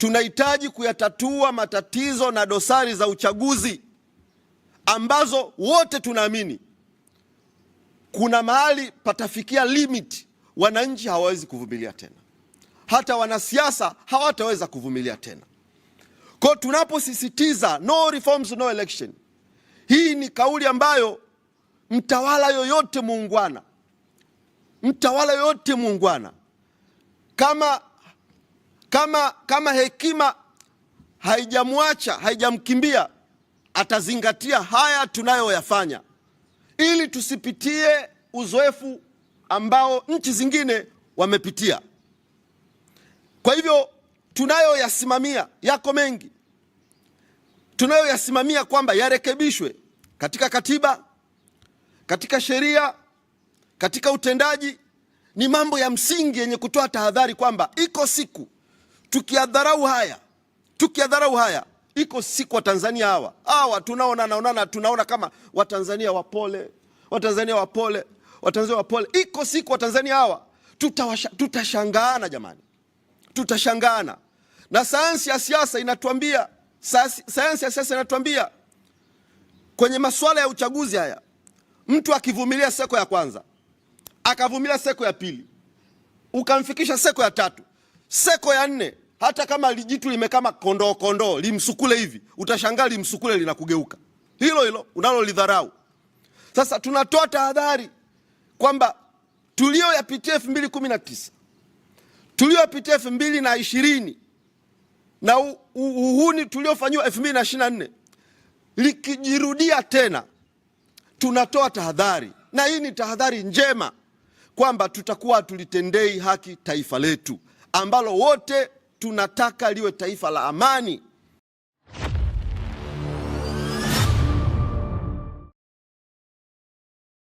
tunahitaji kuyatatua matatizo na dosari za uchaguzi ambazo wote tunaamini kuna mahali patafikia limit, wananchi hawawezi kuvumilia tena, hata wanasiasa hawataweza kuvumilia tena. Kwa tunaposisitiza no reforms no election, hii ni kauli ambayo mtawala yoyote muungwana, mtawala yoyote muungwana kama kama, kama hekima haijamwacha haijamkimbia, atazingatia haya tunayoyafanya, ili tusipitie uzoefu ambao nchi zingine wamepitia. Kwa hivyo tunayoyasimamia yako mengi, tunayoyasimamia kwamba yarekebishwe katika katiba, katika sheria, katika utendaji, ni mambo ya msingi yenye kutoa tahadhari kwamba iko siku tukiadharau haya tukiadharau haya, iko siku Watanzania hawa hawa tunaona naonana tunaona kama Watanzania wapole, Watanzania wapole, Watanzania wapole. Iko siku Watanzania hawa tutashangaana, jamani, tutashangaana. Na sayansi ya siasa inatuambia, sayansi ya siasa inatuambia kwenye masuala ya uchaguzi haya, mtu akivumilia seko ya kwanza, akavumilia seko ya pili, ukamfikisha seko ya tatu Seko ya nne, hata kama lijitu limekama kondoo kondoo, limsukule hivi, utashangaa limsukule linakugeuka hilo hilo unalolidharau. Sasa tunatoa tahadhari kwamba tulioyapitia elfu mbili kumi na tisa tulioyapitia elfu mbili na ishirini na uhuni tuliofanyiwa elfu mbili na ishirini na nne likijirudia tena, tunatoa tahadhari, na hii ni tahadhari njema kwamba tutakuwa hatulitendei haki taifa letu ambalo wote tunataka liwe taifa la amani,